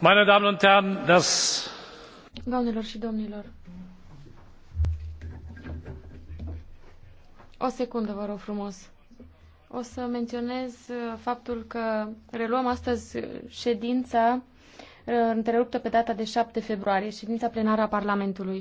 meine domnilor o secundă vă rog frumos o să menționez uh, faptul că reluăm astăzi uh, ședința uh, întreruptă pe data de 7 februarie, ședința plenară a Parlamentului.